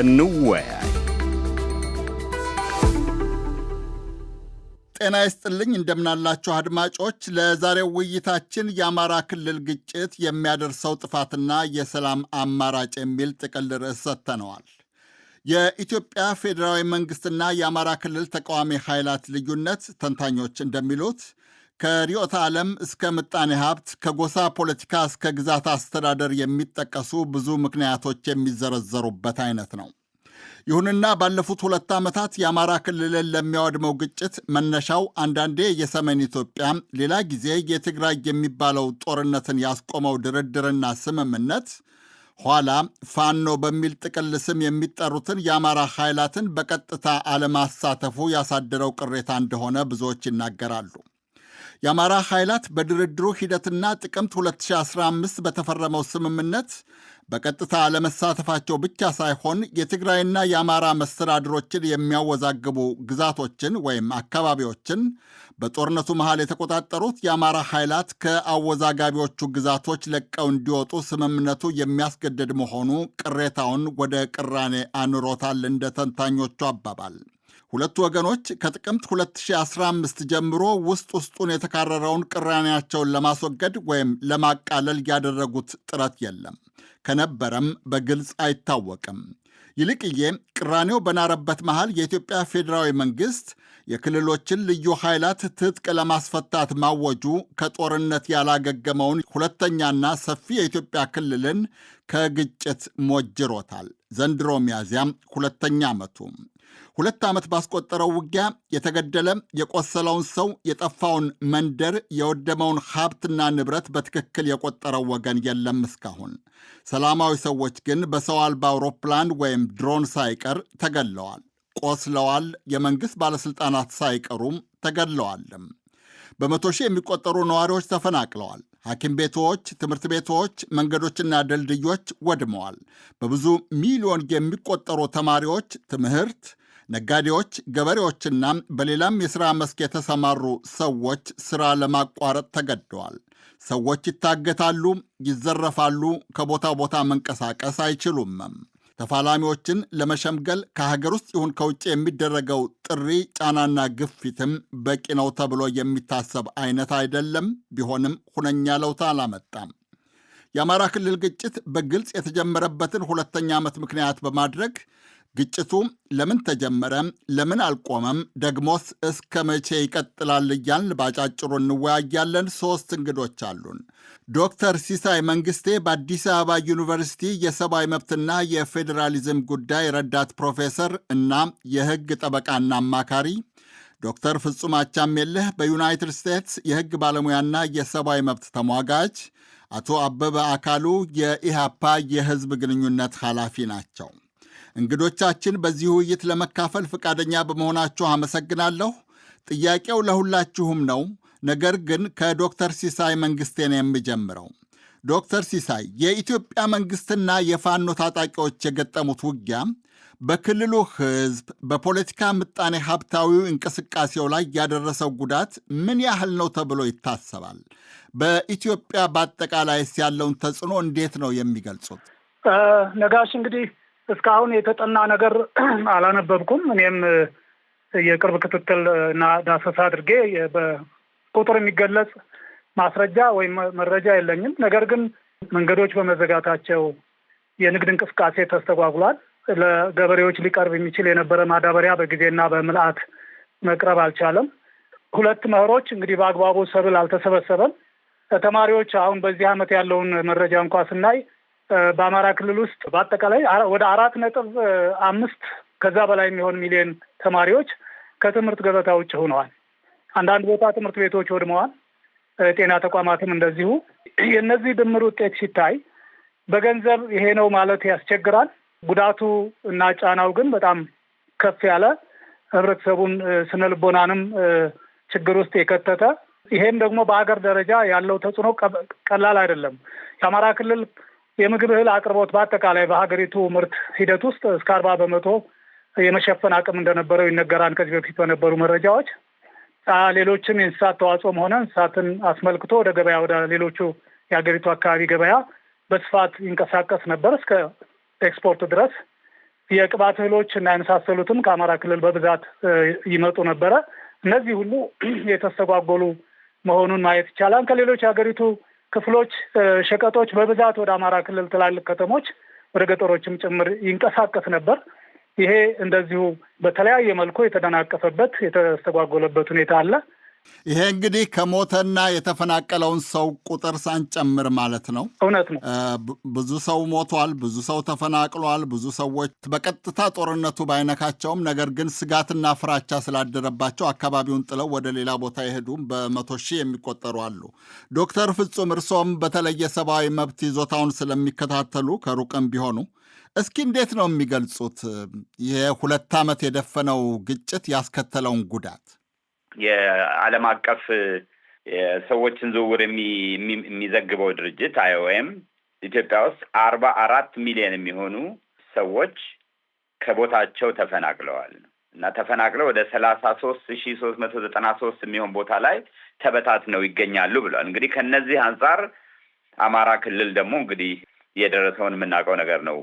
እንወያይ። ጤና ይስጥልኝ እንደምናላችሁ አድማጮች። ለዛሬው ውይይታችን የአማራ ክልል ግጭት የሚያደርሰው ጥፋትና የሰላም አማራጭ የሚል ጥቅል ርዕስ ሰጥተነዋል። የኢትዮጵያ ፌዴራዊ መንግስትና የአማራ ክልል ተቃዋሚ ኃይላት ልዩነት ተንታኞች እንደሚሉት ከርዕዮተ ዓለም እስከ ምጣኔ ሀብት ከጎሳ ፖለቲካ እስከ ግዛት አስተዳደር የሚጠቀሱ ብዙ ምክንያቶች የሚዘረዘሩበት አይነት ነው። ይሁንና ባለፉት ሁለት ዓመታት የአማራ ክልልን ለሚያወድመው ግጭት መነሻው አንዳንዴ የሰሜን ኢትዮጵያ፣ ሌላ ጊዜ የትግራይ የሚባለው ጦርነትን ያስቆመው ድርድርና ስምምነት ኋላ ፋኖ በሚል ጥቅል ስም የሚጠሩትን የአማራ ኃይላትን በቀጥታ አለማሳተፉ ያሳደረው ቅሬታ እንደሆነ ብዙዎች ይናገራሉ። የአማራ ኃይላት በድርድሩ ሂደትና ጥቅምት 2015 በተፈረመው ስምምነት በቀጥታ ለመሳተፋቸው ብቻ ሳይሆን የትግራይና የአማራ መስተዳድሮችን የሚያወዛግቡ ግዛቶችን ወይም አካባቢዎችን በጦርነቱ መሃል የተቆጣጠሩት የአማራ ኃይላት ከአወዛጋቢዎቹ ግዛቶች ለቀው እንዲወጡ ስምምነቱ የሚያስገድድ መሆኑ ቅሬታውን ወደ ቅራኔ አኑሮታል እንደ ተንታኞቹ አባባል። ሁለቱ ወገኖች ከጥቅምት 2015 ጀምሮ ውስጥ ውስጡን የተካረረውን ቅራኔያቸውን ለማስወገድ ወይም ለማቃለል ያደረጉት ጥረት የለም፣ ከነበረም በግልጽ አይታወቅም። ይልቅዬ ቅራኔው በናረበት መሃል የኢትዮጵያ ፌዴራዊ መንግሥት የክልሎችን ልዩ ኃይላት ትጥቅ ለማስፈታት ማወጁ ከጦርነት ያላገገመውን ሁለተኛና ሰፊ የኢትዮጵያ ክልልን ከግጭት ሞጅሮታል። ዘንድሮ ሚያዝያም ሁለተኛ ዓመቱ ሁለት ዓመት ባስቆጠረው ውጊያ የተገደለ የቆሰለውን ሰው፣ የጠፋውን መንደር፣ የወደመውን ሀብትና ንብረት በትክክል የቆጠረው ወገን የለም እስካሁን። ሰላማዊ ሰዎች ግን በሰው አልባ አውሮፕላን ወይም ድሮን ሳይቀር ተገለዋል። ቆስለዋል። የመንግሥት ባለሥልጣናት ሳይቀሩም ተገለዋለም። በመቶ ሺህ የሚቆጠሩ ነዋሪዎች ተፈናቅለዋል። ሐኪም ቤቶች፣ ትምህርት ቤቶች፣ መንገዶችና ድልድዮች ወድመዋል። በብዙ ሚሊዮን የሚቆጠሩ ተማሪዎች ትምህርት ነጋዴዎች፣ ገበሬዎችና በሌላም የሥራ መስክ የተሰማሩ ሰዎች ሥራ ለማቋረጥ ተገደዋል። ሰዎች ይታገታሉ፣ ይዘረፋሉ፣ ከቦታ ቦታ መንቀሳቀስ አይችሉም። ተፋላሚዎችን ለመሸምገል ከሀገር ውስጥ ይሁን ከውጭ የሚደረገው ጥሪ ጫናና ግፊትም በቂ ነው ተብሎ የሚታሰብ አይነት አይደለም። ቢሆንም ሁነኛ ለውጥ አላመጣም። የአማራ ክልል ግጭት በግልጽ የተጀመረበትን ሁለተኛ ዓመት ምክንያት በማድረግ ግጭቱ ለምን ተጀመረ? ለምን አልቆመም? ደግሞስ እስከ መቼ ይቀጥላል? እያልን ባጫጭሩ እንወያያለን። ሶስት እንግዶች አሉን። ዶክተር ሲሳይ መንግስቴ በአዲስ አበባ ዩኒቨርሲቲ የሰብአዊ መብትና የፌዴራሊዝም ጉዳይ ረዳት ፕሮፌሰር እና የህግ ጠበቃና አማካሪ ዶክተር ፍጹም አቻሜለህ በዩናይትድ ስቴትስ የህግ ባለሙያና የሰብአዊ መብት ተሟጋች፣ አቶ አበበ አካሉ የኢህአፓ የህዝብ ግንኙነት ኃላፊ ናቸው። እንግዶቻችን በዚህ ውይይት ለመካፈል ፈቃደኛ በመሆናችሁ አመሰግናለሁ። ጥያቄው ለሁላችሁም ነው። ነገር ግን ከዶክተር ሲሳይ መንግስቴ የምጀምረው የሚጀምረው። ዶክተር ሲሳይ የኢትዮጵያ መንግስትና የፋኖ ታጣቂዎች የገጠሙት ውጊያ በክልሉ ሕዝብ በፖለቲካ ምጣኔ ሀብታዊው እንቅስቃሴው ላይ ያደረሰው ጉዳት ምን ያህል ነው ተብሎ ይታሰባል? በኢትዮጵያ በአጠቃላይስ ያለውን ተጽዕኖ እንዴት ነው የሚገልጹት? ነጋሽ እንግዲህ እስካሁን የተጠና ነገር አላነበብኩም። እኔም የቅርብ ክትትል እና ዳሰሳ አድርጌ በቁጥር የሚገለጽ ማስረጃ ወይም መረጃ የለኝም። ነገር ግን መንገዶች በመዘጋታቸው የንግድ እንቅስቃሴ ተስተጓጉሏል። ለገበሬዎች ሊቀርብ የሚችል የነበረ ማዳበሪያ በጊዜና በምልአት መቅረብ አልቻለም። ሁለት መኸሮች እንግዲህ በአግባቡ ሰብል አልተሰበሰበም። ተማሪዎች አሁን በዚህ ዓመት ያለውን መረጃ እንኳ ስናይ በአማራ ክልል ውስጥ በአጠቃላይ ወደ አራት ነጥብ አምስት ከዛ በላይ የሚሆን ሚሊዮን ተማሪዎች ከትምህርት ገበታ ውጭ ሆነዋል። አንዳንድ ቦታ ትምህርት ቤቶች ወድመዋል። ጤና ተቋማትም እንደዚሁ። የእነዚህ ድምር ውጤት ሲታይ በገንዘብ ይሄ ነው ማለት ያስቸግራል። ጉዳቱ እና ጫናው ግን በጣም ከፍ ያለ ህብረተሰቡን ስነልቦናንም ችግር ውስጥ የከተተ ይሄም ደግሞ በሀገር ደረጃ ያለው ተጽዕኖ ቀላል አይደለም። የአማራ ክልል የምግብ እህል አቅርቦት በአጠቃላይ በሀገሪቱ ምርት ሂደት ውስጥ እስከ አርባ በመቶ የመሸፈን አቅም እንደነበረው ይነገራል ከዚህ በፊት በነበሩ መረጃዎች። ሌሎችም የእንስሳት ተዋጽኦም ሆነ እንስሳትን አስመልክቶ ወደ ገበያ ወደ ሌሎቹ የሀገሪቱ አካባቢ ገበያ በስፋት ይንቀሳቀስ ነበር እስከ ኤክስፖርት ድረስ። የቅባት እህሎች እና የመሳሰሉትም ከአማራ ክልል በብዛት ይመጡ ነበረ። እነዚህ ሁሉ የተስተጓጎሉ መሆኑን ማየት ይቻላል። ከሌሎች የሀገሪቱ ክፍሎች ሸቀጦች በብዛት ወደ አማራ ክልል ትላልቅ ከተሞች ወደ ገጠሮችም ጭምር ይንቀሳቀስ ነበር። ይሄ እንደዚሁ በተለያየ መልኩ የተደናቀፈበት የተስተጓጎለበት ሁኔታ አለ። ይሄ እንግዲህ ከሞተና የተፈናቀለውን ሰው ቁጥር ሳንጨምር ማለት ነው። እውነት ነው። ብዙ ሰው ሞቷል፣ ብዙ ሰው ተፈናቅሏል። ብዙ ሰዎች በቀጥታ ጦርነቱ ባይነካቸውም ነገር ግን ስጋትና ፍራቻ ስላደረባቸው አካባቢውን ጥለው ወደ ሌላ ቦታ የሄዱም በመቶ ሺህ የሚቆጠሩ አሉ። ዶክተር ፍጹም እርሶም በተለየ ሰብአዊ መብት ይዞታውን ስለሚከታተሉ ከሩቅም ቢሆኑ እስኪ እንዴት ነው የሚገልጹት ይሄ ሁለት ዓመት የደፈነው ግጭት ያስከተለውን ጉዳት? የዓለም አቀፍ የሰዎችን ዝውውር የሚዘግበው ድርጅት አይኦኤም ኢትዮጵያ ውስጥ አርባ አራት ሚሊዮን የሚሆኑ ሰዎች ከቦታቸው ተፈናቅለዋል እና ተፈናቅለው ወደ ሰላሳ ሶስት ሺ ሶስት መቶ ዘጠና ሶስት የሚሆን ቦታ ላይ ተበታትነው ይገኛሉ ብሏል። እንግዲህ ከነዚህ አንጻር አማራ ክልል ደግሞ እንግዲህ የደረሰውን የምናውቀው ነገር ነው።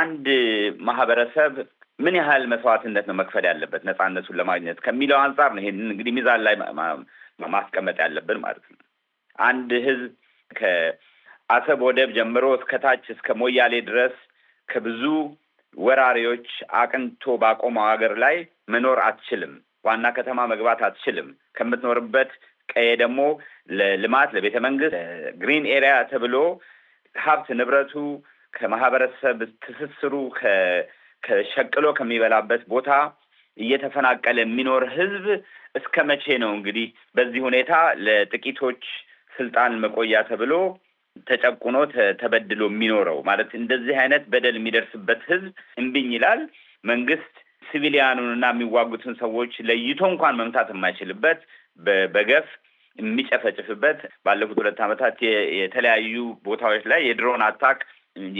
አንድ ማህበረሰብ ምን ያህል መስዋዕትነት ነው መክፈል ያለበት ነፃነቱን ለማግኘት ከሚለው አንጻር ነው። ይሄንን እንግዲህ ሚዛን ላይ ማስቀመጥ ያለብን ማለት ነው። አንድ ህዝብ ከአሰብ ወደብ ጀምሮ እስከ ታች እስከ ሞያሌ ድረስ ከብዙ ወራሪዎች አቅንቶ ባቆመው ሀገር ላይ መኖር አትችልም። ዋና ከተማ መግባት አትችልም። ከምትኖርበት ቀየ ደግሞ ለልማት ለቤተ መንግስት፣ ግሪን ኤሪያ ተብሎ ሀብት ንብረቱ ከማህበረሰብ ትስስሩ ሸቅሎ ከሚበላበት ቦታ እየተፈናቀለ የሚኖር ህዝብ እስከ መቼ ነው እንግዲህ በዚህ ሁኔታ ለጥቂቶች ስልጣን መቆያ ተብሎ ተጨቁኖ ተበድሎ የሚኖረው? ማለት እንደዚህ አይነት በደል የሚደርስበት ህዝብ እምቢኝ ይላል። መንግስት ሲቪሊያኑንና የሚዋጉትን ሰዎች ለይቶ እንኳን መምታት የማይችልበት በገፍ የሚጨፈጭፍበት ባለፉት ሁለት ዓመታት የተለያዩ ቦታዎች ላይ የድሮን አታክ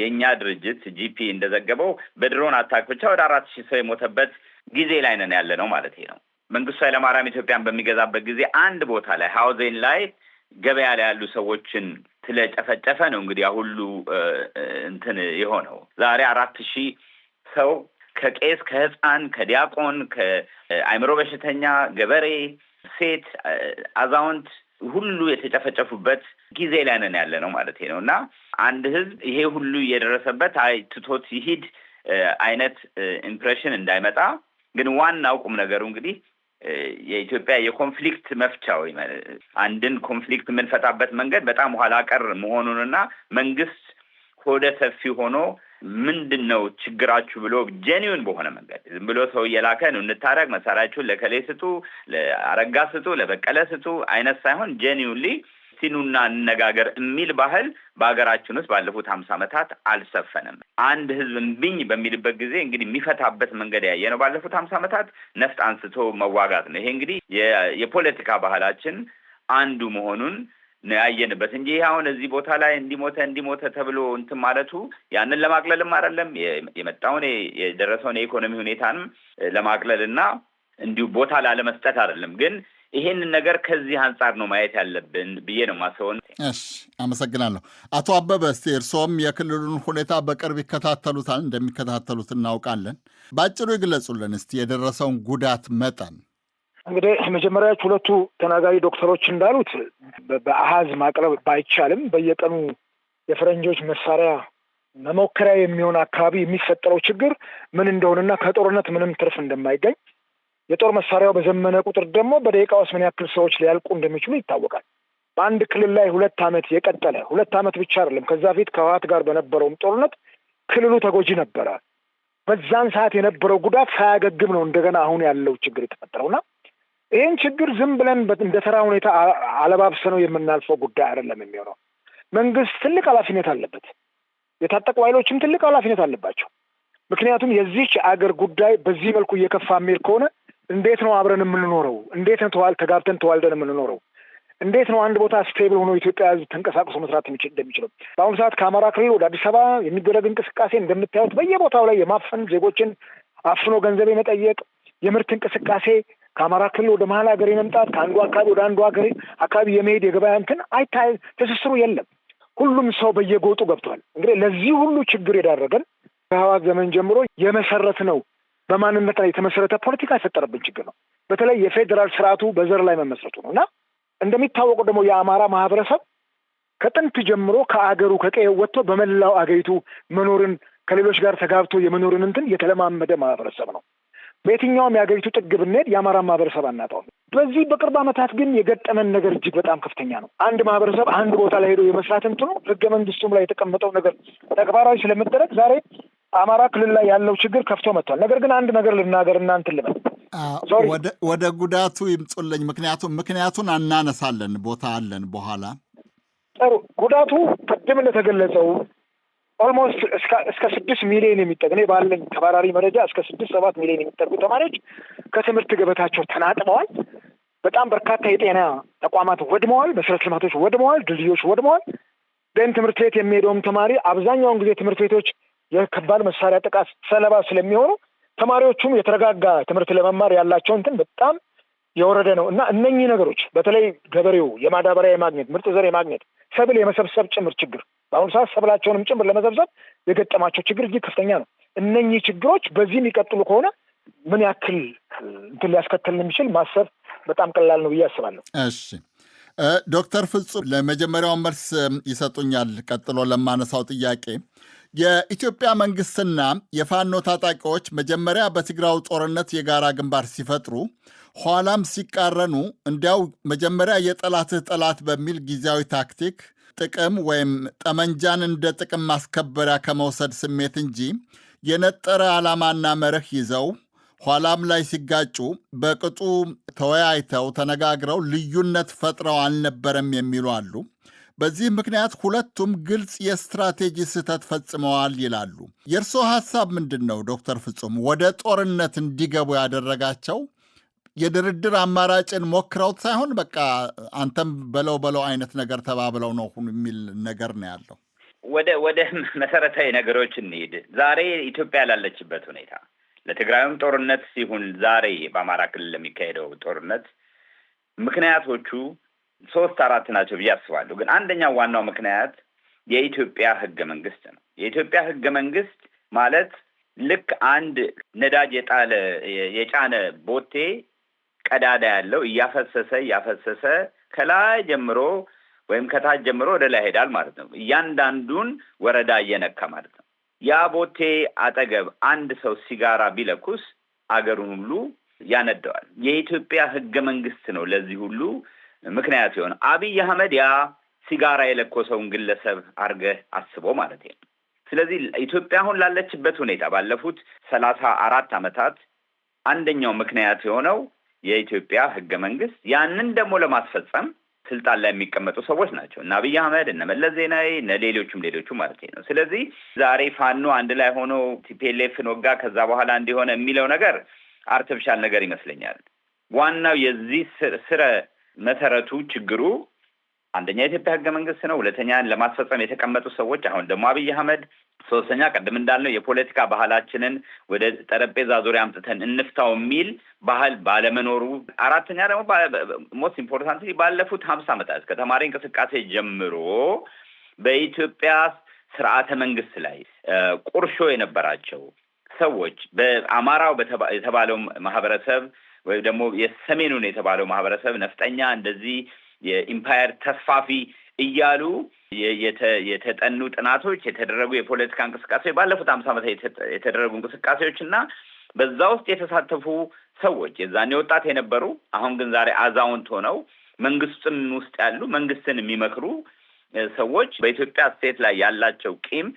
የእኛ ድርጅት ጂፒ እንደዘገበው በድሮን አታክ ብቻ ወደ አራት ሺህ ሰው የሞተበት ጊዜ ላይ ነን ያለ ነው ማለት ነው። መንግስቱ ኃይለማርያም ኢትዮጵያን በሚገዛበት ጊዜ አንድ ቦታ ላይ ሀውዜን ላይ ገበያ ላይ ያሉ ሰዎችን ስለጨፈጨፈ ነው እንግዲህ ሁሉ እንትን የሆነው። ዛሬ አራት ሺህ ሰው ከቄስ፣ ከህፃን፣ ከዲያቆን፣ ከአይምሮ በሽተኛ፣ ገበሬ፣ ሴት፣ አዛውንት ሁሉ የተጨፈጨፉበት ጊዜ ላይ ነን ያለ ነው ማለት ነው እና አንድ ህዝብ ይሄ ሁሉ እየደረሰበት አይ ትቶት ይሂድ አይነት ኢምፕሬሽን እንዳይመጣ ግን ዋናው ቁም ነገሩ እንግዲህ የኢትዮጵያ የኮንፍሊክት መፍቻ ወይ አንድን ኮንፍሊክት የምንፈታበት መንገድ በጣም ኋላ ቀር መሆኑንና መንግስት ሆደ ሰፊ ሆኖ ምንድን ነው ችግራችሁ ብሎ ጄኒውን በሆነ መንገድ ዝም ብሎ ሰው እየላከ ነው እንታረግ፣ መሳሪያችሁን ለከሌ ስጡ፣ ለአረጋ ስጡ፣ ለበቀለ ስጡ አይነት ሳይሆን ጄኒውንሊ ሲኑና እንነጋገር የሚል ባህል በሀገራችን ውስጥ ባለፉት ሀምሳ ዓመታት አልሰፈንም። አንድ ህዝብ እምቢኝ በሚልበት ጊዜ እንግዲህ የሚፈታበት መንገድ ያየ ነው ባለፉት ሀምሳ ዓመታት ነፍጥ አንስቶ መዋጋት ነው። ይሄ እንግዲህ የፖለቲካ ባህላችን አንዱ መሆኑን ያየንበት እንጂ ይህ አሁን እዚህ ቦታ ላይ እንዲሞተ እንዲሞተ ተብሎ እንትን ማለቱ ያንን ለማቅለልም አይደለም የመጣውን የደረሰውን የኢኮኖሚ ሁኔታንም ለማቅለል እና እንዲሁ ቦታ ላለመስጠት አይደለም። ግን ይሄንን ነገር ከዚህ አንጻር ነው ማየት ያለብን ብዬ ነው ማሰውን እሺ፣ አመሰግናለሁ አቶ አበበ። እስቲ እርስዎም የክልሉን ሁኔታ በቅርብ ይከታተሉታል፣ እንደሚከታተሉት እናውቃለን። በአጭሩ ይግለጹልን እስቲ የደረሰውን ጉዳት መጠን። እንግዲህ መጀመሪያዎች ሁለቱ ተናጋሪ ዶክተሮች እንዳሉት በአሀዝ ማቅረብ ባይቻልም በየቀኑ የፈረንጆች መሳሪያ መሞከሪያ የሚሆን አካባቢ የሚፈጠረው ችግር ምን እንደሆነና ከጦርነት ምንም ትርፍ እንደማይገኝ የጦር መሳሪያው በዘመነ ቁጥር ደግሞ በደቂቃ ውስጥ ምን ያክል ሰዎች ሊያልቁ እንደሚችሉ ይታወቃል። በአንድ ክልል ላይ ሁለት ዓመት የቀጠለ ሁለት ዓመት ብቻ አይደለም። ከዛ ፊት ከህዋት ጋር በነበረውም ጦርነት ክልሉ ተጎጂ ነበረ። በዛን ሰዓት የነበረው ጉዳት ሳያገግም ነው እንደገና አሁን ያለው ችግር የተፈጠረውና ይህን ችግር ዝም ብለን እንደ ተራ ሁኔታ አለባብሰነው የምናልፈው ጉዳይ አይደለም የሚሆነው። መንግስት ትልቅ ኃላፊነት አለበት። የታጠቁ ኃይሎችም ትልቅ ኃላፊነት አለባቸው። ምክንያቱም የዚች አገር ጉዳይ በዚህ መልኩ እየከፋ የሚሄድ ከሆነ እንዴት ነው አብረን የምንኖረው? እንዴት ነው ተጋብተን ተዋልደን የምንኖረው? እንዴት ነው አንድ ቦታ ስቴብል ሆኖ ኢትዮጵያ ህዝብ ተንቀሳቅሶ መስራት እንደሚችለው? በአሁኑ ሰዓት ከአማራ ክልል ወደ አዲስ አበባ የሚደረግ እንቅስቃሴ እንደምታዩት በየቦታው ላይ የማፈን ዜጎችን አፍኖ ገንዘብ የመጠየቅ የምርት እንቅስቃሴ ከአማራ ክልል ወደ መሀል ሀገር የመምጣት ከአንዱ አካባቢ ወደ አንዱ ሀገር አካባቢ የመሄድ የገበያ እንትን አይታ ትስስሩ የለም። ሁሉም ሰው በየጎጡ ገብቷል። እንግዲህ ለዚህ ሁሉ ችግር የዳረገን ከህዋት ዘመን ጀምሮ የመሰረት ነው በማንነት ላይ የተመሰረተ ፖለቲካ የፈጠረብን ችግር ነው። በተለይ የፌዴራል ስርዓቱ በዘር ላይ መመስረቱ ነው እና እንደሚታወቀው ደግሞ የአማራ ማህበረሰብ ከጥንት ጀምሮ ከአገሩ ከቀየው ወጥቶ በመላው አገሪቱ መኖርን ከሌሎች ጋር ተጋብቶ የመኖርን እንትን የተለማመደ ማህበረሰብ ነው። በየትኛውም የሀገሪቱ ጥግ ብንሄድ የአማራን ማህበረሰብ አናጣውም። በዚህ በቅርብ ዓመታት ግን የገጠመን ነገር እጅግ በጣም ከፍተኛ ነው። አንድ ማህበረሰብ አንድ ቦታ ላይ ሄዶ የመስራት እንትኑ ህገ መንግስቱም ላይ የተቀመጠው ነገር ተግባራዊ ስለመደረግ ዛሬ አማራ ክልል ላይ ያለው ችግር ከፍቶ መጥቷል። ነገር ግን አንድ ነገር ልናገር እና እንትን ልበል ወደ ጉዳቱ ይምጡልኝ። ምክንያቱም ምክንያቱን አናነሳለን ቦታ አለን በኋላ ጥሩ ጉዳቱ ቅድም እንደተገለጸው ኦልሞስት እስከ ስድስት ሚሊዮን የሚጠጉ እኔ ባለኝ ተባራሪ መረጃ እስከ ስድስት ሰባት ሚሊዮን የሚጠጉ ተማሪዎች ከትምህርት ገበታቸው ተናጥበዋል። በጣም በርካታ የጤና ተቋማት ወድመዋል፣ መሰረተ ልማቶች ወድመዋል፣ ድልድዮች ወድመዋል። ደን ትምህርት ቤት የሚሄደውም ተማሪ አብዛኛውን ጊዜ ትምህርት ቤቶች የከባድ መሳሪያ ጥቃት ሰለባ ስለሚሆኑ ተማሪዎቹም የተረጋጋ ትምህርት ለመማር ያላቸው እንትን በጣም የወረደ ነው እና እነኚህ ነገሮች በተለይ ገበሬው የማዳበሪያ የማግኘት ምርጥ ዘር የማግኘት ሰብል የመሰብሰብ ጭምር ችግር በአሁኑ ሰዓት ሰብላቸውንም ጭምር ለመሰብሰብ የገጠማቸው ችግር እጅግ ከፍተኛ ነው። እነኚህ ችግሮች በዚህ የሚቀጥሉ ከሆነ ምን ያክል እንትን ሊያስከትል የሚችል ማሰብ በጣም ቀላል ነው ብዬ አስባለሁ። እሺ ዶክተር ፍጹም ለመጀመሪያው መልስ ይሰጡኛል። ቀጥሎ ለማነሳው ጥያቄ የኢትዮጵያ መንግስትና የፋኖ ታጣቂዎች መጀመሪያ በትግራው ጦርነት የጋራ ግንባር ሲፈጥሩ ኋላም ሲቃረኑ እንዲያው መጀመሪያ የጠላትህ ጠላት በሚል ጊዜያዊ ታክቲክ ጥቅም ወይም ጠመንጃን እንደ ጥቅም ማስከበሪያ ከመውሰድ ስሜት እንጂ የነጠረ ዓላማና መርህ ይዘው ኋላም ላይ ሲጋጩ በቅጡ ተወያይተው ተነጋግረው ልዩነት ፈጥረው አልነበረም የሚሉ አሉ። በዚህ ምክንያት ሁለቱም ግልጽ የስትራቴጂ ስህተት ፈጽመዋል ይላሉ። የእርስዎ ሐሳብ ምንድን ነው ዶክተር ፍጹም? ወደ ጦርነት እንዲገቡ ያደረጋቸው የድርድር አማራጭን ሞክረውት ሳይሆን በቃ አንተም በለው በለው አይነት ነገር ተባብለው ነው የሚል ነገር ነው ያለው። ወደ ወደ መሰረታዊ ነገሮች እንሂድ። ዛሬ ኢትዮጵያ ላለችበት ሁኔታ ለትግራይም ጦርነት ሲሆን ዛሬ በአማራ ክልል ለሚካሄደው ጦርነት ምክንያቶቹ ሶስት አራት ናቸው ብዬ አስባለሁ። ግን አንደኛው ዋናው ምክንያት የኢትዮጵያ ህገ መንግስት ነው። የኢትዮጵያ ህገ መንግስት ማለት ልክ አንድ ነዳጅ የጣለ የጫነ ቦቴ ቀዳዳ ያለው እያፈሰሰ እያፈሰሰ ከላይ ጀምሮ ወይም ከታች ጀምሮ ወደ ላይ ሄዳል ማለት ነው። እያንዳንዱን ወረዳ እየነካ ማለት ነው። ያ ቦቴ አጠገብ አንድ ሰው ሲጋራ ቢለኩስ አገሩን ሁሉ ያነደዋል። የኢትዮጵያ ህገ መንግስት ነው ለዚህ ሁሉ ምክንያት የሆነ አብይ አህመድ ያ ሲጋራ የለኮሰውን ግለሰብ አድርገህ አስቦ ማለት ነው። ስለዚህ ኢትዮጵያ አሁን ላለችበት ሁኔታ ባለፉት ሰላሳ አራት አመታት አንደኛው ምክንያት የሆነው የኢትዮጵያ ህገ መንግስት ያንን ደግሞ ለማስፈጸም ስልጣን ላይ የሚቀመጡ ሰዎች ናቸው እና አብይ አህመድ እነ መለስ ዜናዊ እነ ሌሎቹም ሌሎቹ ማለት ነው። ስለዚህ ዛሬ ፋኖ አንድ ላይ ሆኖ ቲፒኤልኤፍን ወጋ ከዛ በኋላ እንዲሆነ የሚለው ነገር አርቲፊሻል ነገር ይመስለኛል። ዋናው የዚህ ስረ መሰረቱ ችግሩ አንደኛ የኢትዮጵያ ህገ መንግስት ነው። ሁለተኛ ለማስፈጸም የተቀመጡ ሰዎች አሁን ደግሞ አብይ አህመድ ሶስተኛ ቀደም እንዳልነው የፖለቲካ ባህላችንን ወደ ጠረጴዛ ዙሪያ አምጥተን እንፍታው የሚል ባህል ባለመኖሩ፣ አራተኛ ደግሞ ሞስት ኢምፖርታንት ባለፉት ሀምሳ ዓመታት ከተማሪ እንቅስቃሴ ጀምሮ በኢትዮጵያ ስርዓተ መንግስት ላይ ቁርሾ የነበራቸው ሰዎች በአማራው የተባለው ማህበረሰብ ወይም ደግሞ የሰሜኑን የተባለው ማህበረሰብ ነፍጠኛ እንደዚህ የኢምፓየር ተስፋፊ እያሉ የተጠኑ ጥናቶች የተደረጉ የፖለቲካ እንቅስቃሴ ባለፉት አምስት ዓመታት የተደረጉ እንቅስቃሴዎች እና በዛ ውስጥ የተሳተፉ ሰዎች የዛኔ ወጣት የነበሩ አሁን ግን ዛሬ አዛውንት ሆነው መንግስትም ውስጥ ያሉ መንግስትን የሚመክሩ ሰዎች በኢትዮጵያ ስቴት ላይ ያላቸው ቂም